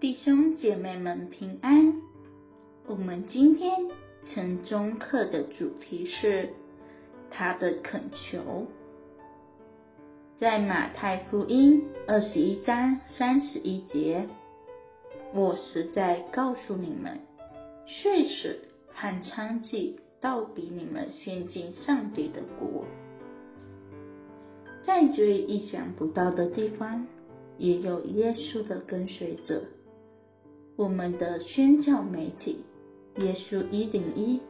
弟兄姐妹們平安！我們今天晨鐘課的主題是祂的懇求，在馬太福音二十一章三十一節，我實在告訴你們，稅吏和娼妓倒比你們先進上帝的國。在最意想不到的地方，也有耶穌的跟隨者。我們的宣教媒體耶穌101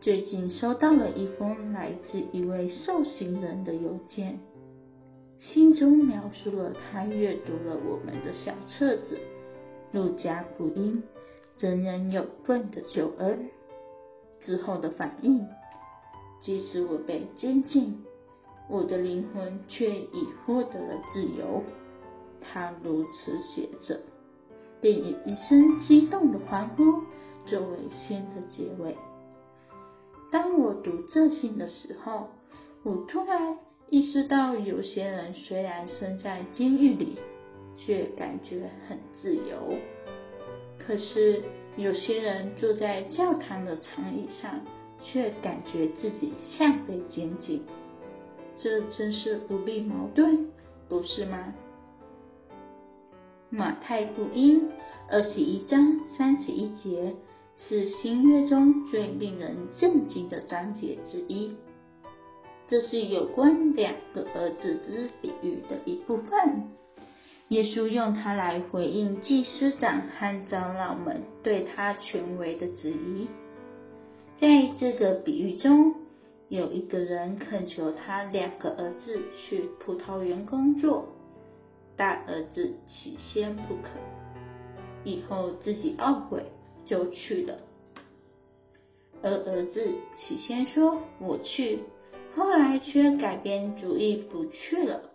最近收到了一封來自一位受刑人的郵件。信中描述了他閱讀了我們的小冊子《路加福音》，人人有份的救恩之後的反應。即使我被監禁，我的靈魂卻已獲得了自由。他如此寫着。並以一聲激動的歡呼作為信的結尾。當我讀這信的時候，我突然意識到，有些人雖然身在監獄裡，卻感覺很自由；可是有些人坐在教堂的長椅上，卻感覺自己像被監禁。這真是無比矛盾，不是嗎？馬太福音二十一章三十一節是新約中最令人震驚的章節之一。這是有關兩個兒子之比喻的一部分。耶穌用它來回應祭司長和長老們對他權威的質疑。在這個比喻中，有一個人懇求他兩個兒子去葡萄園工作。大兒子起先不肯，以後自己懊悔，就去了；二兒子起先說我去，後來卻改變主意不去了。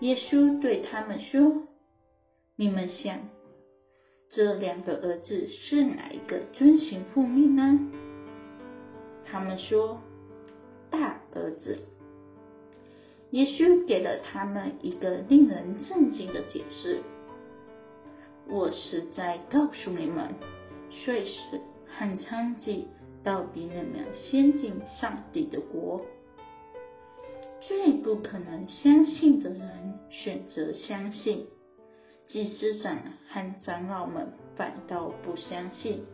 耶穌對他們說：“你們想，這兩個兒子是哪一個遵行父命呢？”他們說：“大兒子。”耶穌給了他們一個令人震驚的解釋：“我實在告訴你們，稅吏和娼妓倒比你們先進上帝的國。最不可能相信的人選擇相信，祭司長和長老們反倒不相信。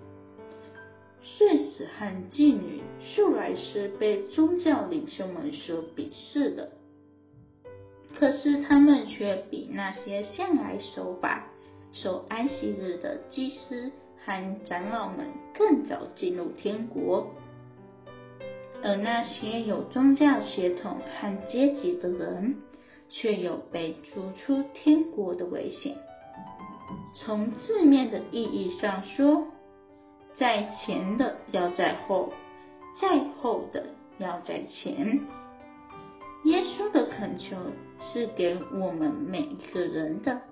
稅吏和妓女素來是被宗教領袖們所鄙視的。”可是他們卻比那些向來守法、守安息日的祭司和長老們更早進入天國，而那些有宗教血統和階級的人，卻有被逐出天國的危險。從字面的意義上說，在前的要在後，在後的要在前。耶穌的懇求是給我們每一個人的，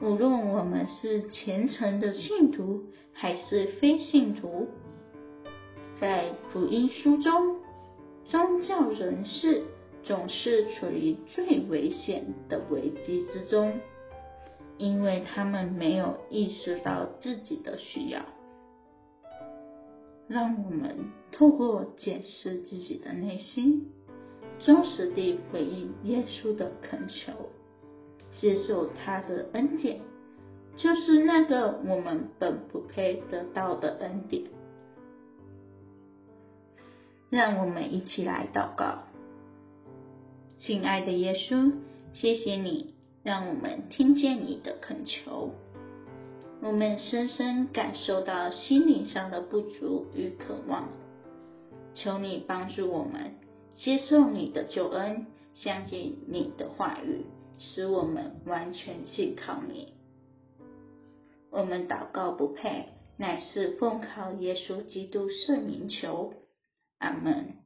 無論我們是虔誠的信徒還是非信徒，在福音書中，宗教人士總是處於最危險的危機之中，因為他們沒有意識到自己的需要。讓我們透過檢視自己的內心，忠實地回應耶穌的懇求，接受他的恩典，就是那個我們本不配得到的恩典。讓我們一起來禱告。親愛的耶穌，謝謝你讓我們聽見你的懇求，我們深深感受到心靈上的不足與渴望，求你幫助我們。接受你的救恩，相信你的話語，使我們完全信靠你。我們禱告不配，乃是奉靠耶穌基督聖名求，阿門。